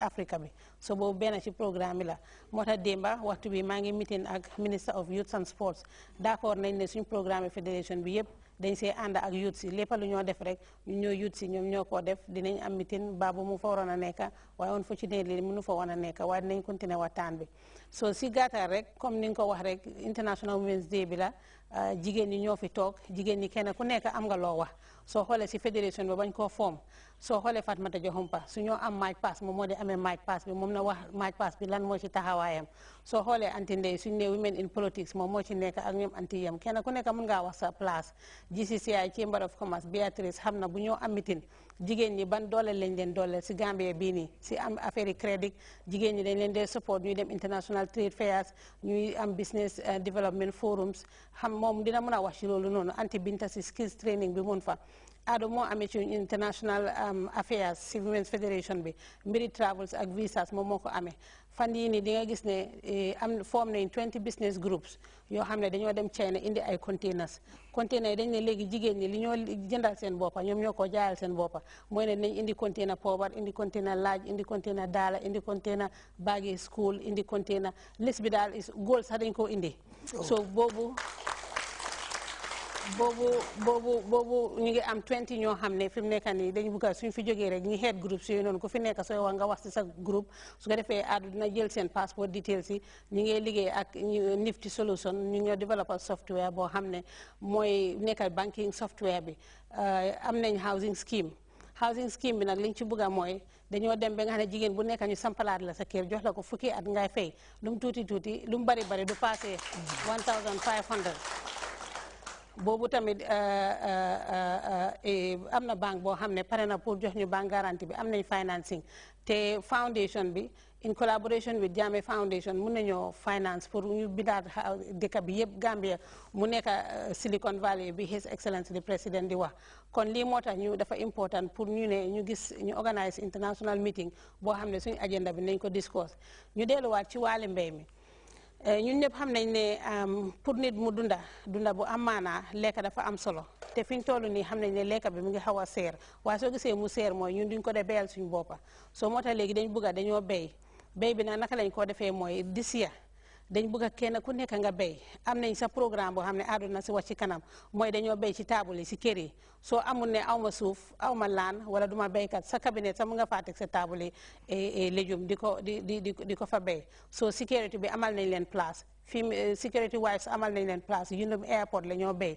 Africa bi soo boobu benn ci programme bi la moo tax démba waxtu bi maa ngi meeting ak minister of youth and sports d'accord nañ ne suñ programme fédération bi yëpp dañ see ànd ak youth si lépp lu ñoo def rek ñu ñoo youth si ñoom ñoo koo def dinañ am meeting baabu mu fa waroon a nekka waaye woon unfortunately mënu fa woon a nekka waaye dinañ continuer waxtaan bi so si gàttal rek comme ni nga ko wax rek international women's day bi la ah, jigéen ñi ñoo fi toog jigéen ñi kenn ku nekk am nga loo wax soo xoolee si fédération bi bañ koo foom So soo xoolee Fatmata Joxumpa su ñoo am maaj paas moom moo di amee maaj paas bi moom na wax maaj pass. bi lan moo ci taxawaayam soo xoolee anti ndey suñ ne women in politics moom moo ci nekk ak ñoom anti yam kenn ku nekk mën ngaa wax sa place GCCI Chamber of Commerce Beatrice xam na bu ñoo am mitin jigéen ñi ban dooleel lañ leen dooleel si Gambie bii nii si am affaire yi crédit jigéen ñi dañ leen dee support ñuy dem international trade fairs ñuy am business eh, development forums xam moom dina mën a wax ci loolu noonu anti binta si skills training bi mun fa Adamo amee ci international affairs si Women's Federation bi mbiri travels ak visas moom moo ko amee fan yii nii di nga gis ne eh, am form nañ 20 business groups yoo xam ne dañoo dem China indi ay containers container yi dañ ne léegi jigéen ñi li ñoo jëndal seen boppa ñoom ñoo ko jaayal seen boppa mooy ne nañ indi container poobar indi container laaj indi container daala indi container baagi school indi container list bi daal is sax dañ koo indi boobu boobu boobu ñu ngi am 20 ñoo xam ne fi mu nekk nii dañu bugg suñ fi jógee rek ñu head groupe yooyu noonu ku fi nekk sooy wax nga wax si sa groupe su ko defee àdduna jël seen passeport details yi ñu ngi liggéey ak Nifty solution ñu ñoo développé software boo xam ne mooy nekkal banking software bi am nañ housing scheme. housing scheme bi nag liñ ci bëgg a mooy dañoo dem ba nga xam ne jigéen bu nekk ñu sampalaat la sa kër jox la ko fukki at ngay fay lu mu tuuti tuuti lu mu bari bari du passé mm-hmm. 1500. boobu tamit euh, euh, euh, am na banque boo xam ne pare na pour jox ñu banque garantie bi am nañ financing te foundation bi in collaboration with Jammeh Foundation mun nañoo finance pour ñu bindaat dëkk bi yëpp gambie mu nekk Silicon Valley bi His Excellency the President di wax kon lii moo tax ñu dafa important pour ñu ne ñu gis ñu organise international meeting boo xam ne suñu agenda bi nañ ko discuss ñu delluwaat ci wàllu mbéy mi Eh, ñun ñëpp xam nañ ne pour nit mu dunda dunda bu am maanaa lekka dafa am solo te fi ñu toll nii xam nañ ne lekka bi mu ngi xaw a seer waa soo gisee mu seer mooy ñun duñ ko def béyal suñu boppa soo moo tax léegi dañ bugga dañoo béy béy bi nag naka lañ koo defee mooy disiya dañ bëgg a kenn ku nekk nga béy am nañ sa programme boo xam ne na si wax ci kanam mooy dañoo béy ci taabul si kër yi soo amul ne aw ma suuf aw ma laan wala duma béykat sa cabinet sa mu nga faatek sa taabul yi eh, eh, légume di ko di di di ko fa béy soo sécurité bi amal nañ leen place fi eh, sécurité wise amal nañ leen place yu airport la ñoo béy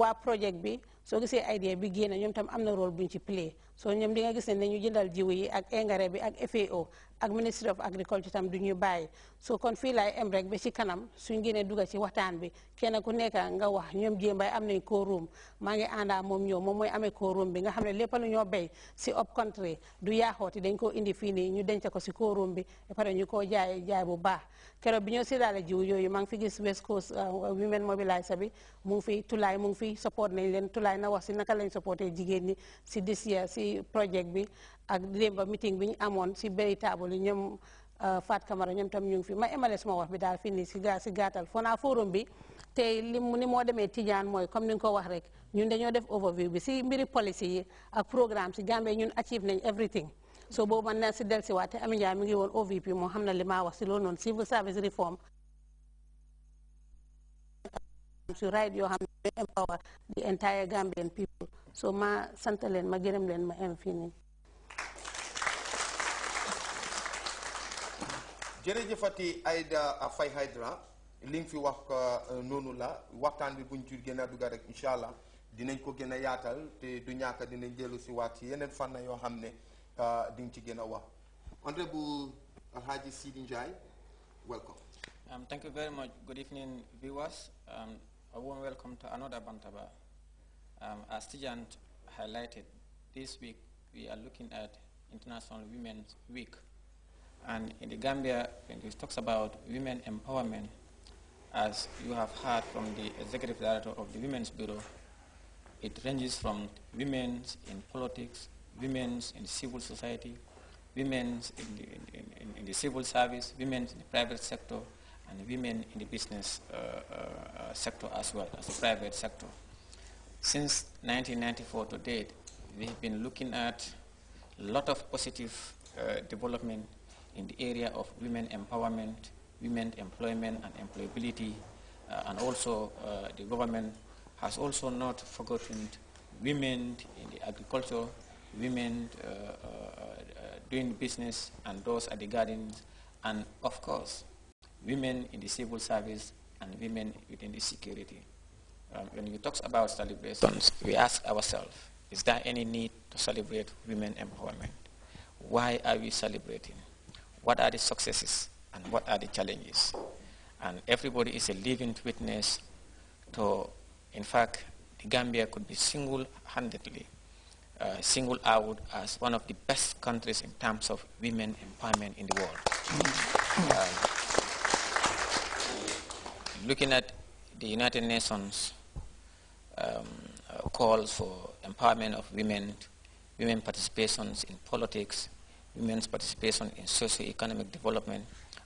waa projet bi soo gisee idea bi génn ñoom tam am na rôle buñ ci play soo ñoom di nga gis ne ne ñu jëndal jiw yi ak engrais bi ak FAO ak Ministry of Agriculture tam du ñu bàyyi soo kon fii laay em rek ba ci kanam suñ génnee dugal ci waxtaan bi kenn ku nekk nga wax ñoom jéembaay am nañ kóoróom maa ngi àndaa moom ñëw moom mooy amee kóoróom bi nga xam ne lépp lu ñoo béy si up country du yaaxooti dañ koo indi fii nii ñu denc ko si kóoróom bi ba pare ñu koo jaay jaay bu baax keroog bi ñoo si daale jiw yooyu maa ngi fi gis West Coast uh, Women Mobiliser bi mu ngi fi tulaay mu ngi fi support nañ leen tulaay laay na wax si naka lañ supporté jigéen ñi si this year si projet bi ak démba meeting bi ñu amoon si bëri table yi ñoom euh, Faat Camara ñoom tam ñu ngi fi ma emale suma wax bi daal fii nii si si gàttal Fona forum bi tey li ni moo demee Tijaan mooy comme ni nga ko wax rek ñun dañoo def overview bi si mbiri policy yi ak programme si Gambie ñun achieve nañ everything so boobu man na si dellusiwaat te Ami Njaay mi ngi woon OVP moo xam na li wax si loolu noonu civil to write yoo xam ne empower the entire Gambian people so ma sant leen ma gërëm leen ma am fii nii jërëjëfati Aida Faye Hydra li nga fi wax euh, noonu la waxtaan bi buñ ci gën a dugga rek incha allah dinañ ko gën a yaatal te du ñàkk dinañ jëlu si waat ci yeneen fànn yoo xam ne euh, di nga ci gën a wax A warm welcome to another Bantaba. Um, as Tijan highlighted, this week we are looking at International Women's Week. And in the Gambia, it talks about women empowerment, as you have heard from the Executive Director of the Women's Bureau, it ranges from women in politics, women in civil society, women in the, in, in, in the civil service, women in the private sector, and women in the business uh, uh, uh, sector as well as the private sector. Since 1994 to date, we have been looking at a lot of positive development in the area of women empowerment, women employment and employability, uh, and also uh, the government has also not forgotten women in the agriculture, women uh, doing business, and those at the gardens, and of course, women in the civil service and women within the security. Um, when we talk about celebrations, we ask ourselves, is there any need to celebrate women empowerment? Why are we celebrating? What are the successes and what are the challenges? And everybody is a living witness to, in fact, the Gambia could be single-handedly uh, singled out as one of the best countries in terms of women empowerment in the world. Um, looking at the United Nations um, uh, calls for empowerment of women, women participations in politics, women's participation in socio-economic development,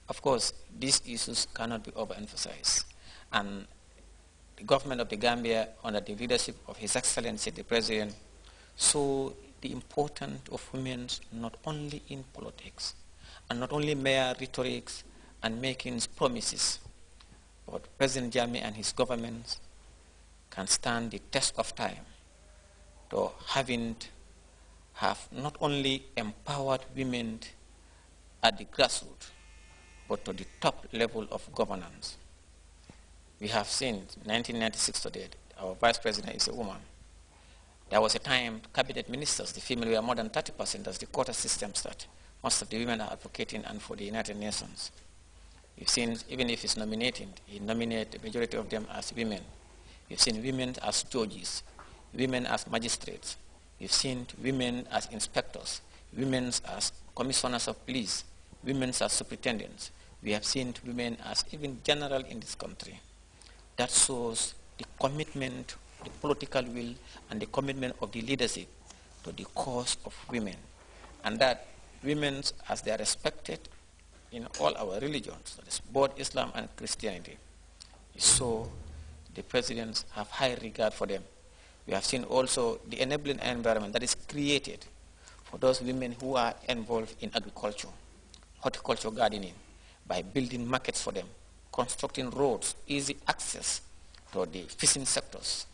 of course, these issues cannot be overemphasized. And the government of the Gambia, under the leadership of His Excellency the President, saw the importance of women not only in politics, and not only mere rhetorics and making promises, but President Jami and his government can stand the test of time, to having have not only empowered women at the grassroots, but to the top level of governance. We have seen 1996 to date, our vice president is a woman. There was a time cabinet ministers, the female were more than 30% as the quota system started. Most of the women are advocating and for the United Nations. You've seen, even if it's nominated, he nominates the majority of them as women. You've seen women as judges, women as magistrates. You've seen women as inspectors, women as commissioners of police, women as superintendents. We have seen women as even general in this country. That shows the commitment, the political will, and the commitment of the leadership to the cause of women. And that women, as they are respected in all our religions, that is both Islam and Christianity. So the presidents have high regard for them. We have seen also the enabling environment that is created for those women who are involved in agriculture, horticulture gardening, by building markets for them, constructing roads, easy access to the fishing sectors.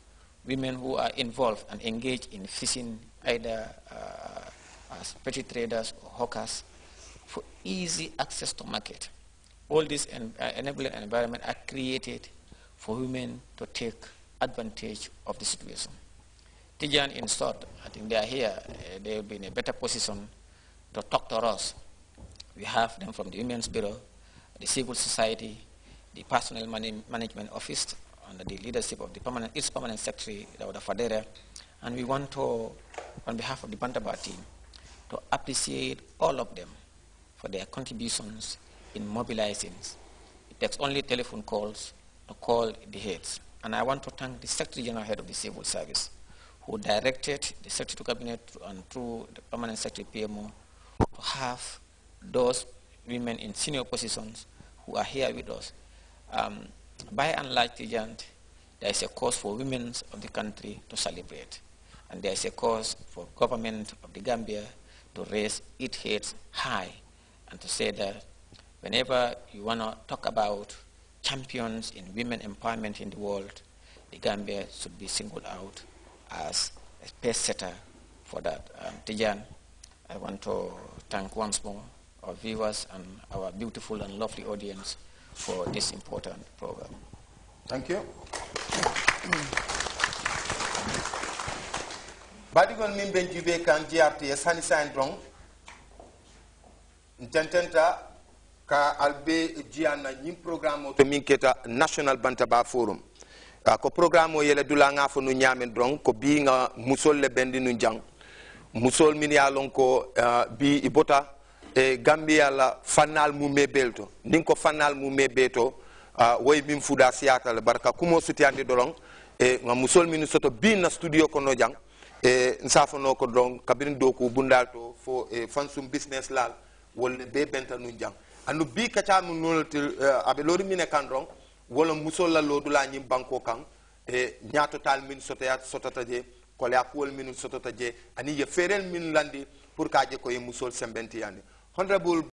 Women who are involved and engaged in fishing, either uh, as petty traders or hawkers, for easy access to market. All these en uh, enabling environment are created for women to take advantage of the situation. Tijan in short, I think they are here, uh, they will be in a better position to talk to us. We have them from the Women's Bureau, the Civil Society, the Personnel Management Office, under the leadership of the permanent, its permanent secretary, Dawda Fadera, and we want to, on behalf of the Bantaba team, to appreciate all of them for their contributions in mobilizing. It takes only telephone calls to call the heads. And I want to thank the Secretary General Head of the Civil Service, who directed the Secretary to Cabinet and through the Permanent Secretary PMO to have those women in senior positions who are here with us. Um, by and large, there is a cause for women of the country to celebrate. And there is a cause for government of the Gambia to raise its heads high and to say that whenever you want to talk about champions in women empowerment in the world, the Gambia should be singled out as a pace setter for that. Um, Tijan, I want to thank once more our viewers and our beautiful and lovely audience for this important program. Thank you. Badigon min GRTS hani sain drong ntententa ka albe jiyanna ñin programme o to min keta national bantaba forum a ko programme yele dula nga fo nu ñaamen dron ko bi nga musol le bendi nu jang musol min ya lon ko uh, i bota e gambiya la fannal mu mebel to ndin ko fannal mu mebe to uh, woy min fuda siyata le barka kumo sutiyandi doron e nga musol min soto bi na studio kono jang e nsafono ko dron kabirin doku bundal to fo e fansum business walla be benta nun jang andu bi kaca mu nolotil eh, aɓe lori mine kan ɗon walla musolla lodula ñin banko kan e ñatotal min sotoya sotota je koleya kuwol min sotota je ani ye feerel min landi pour kaje koye musol sembentiyandi honorable